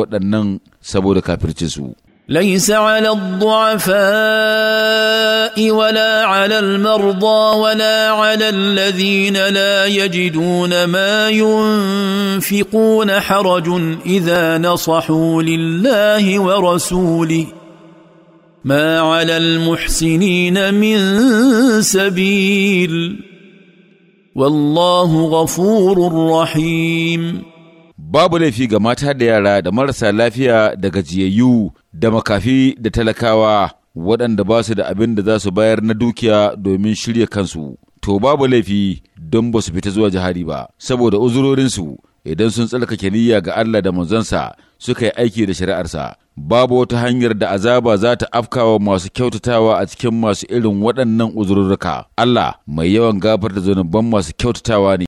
waɗannan saboda su. ليس على الضعفاء ولا على المرضى ولا على الذين لا يجدون ما ينفقون حرج اذا نصحوا لله ورسوله ما على المحسنين من سبيل والله غفور رحيم babu laifi ga mata da yara da marasa lafiya da gajiyayyu da makafi da talakawa waɗanda ba su da abin da za su bayar na dukiya domin shirya kansu to babu laifi don ba su fita zuwa jihari ba saboda uzurorinsu idan sun tsarkake niyya ga Allah da manzansa suka yi aiki da shari'arsa babu wata hanyar da azaba za ta afkawa masu kyautatawa a cikin masu irin waɗannan uzurruka Allah mai yawan gafarta zunuban masu kyautatawa ne